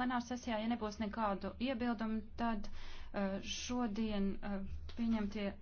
plenāra sesijā, ja nebūs nekādu iebildumu, tad eh, šodien eh, pieņemtie.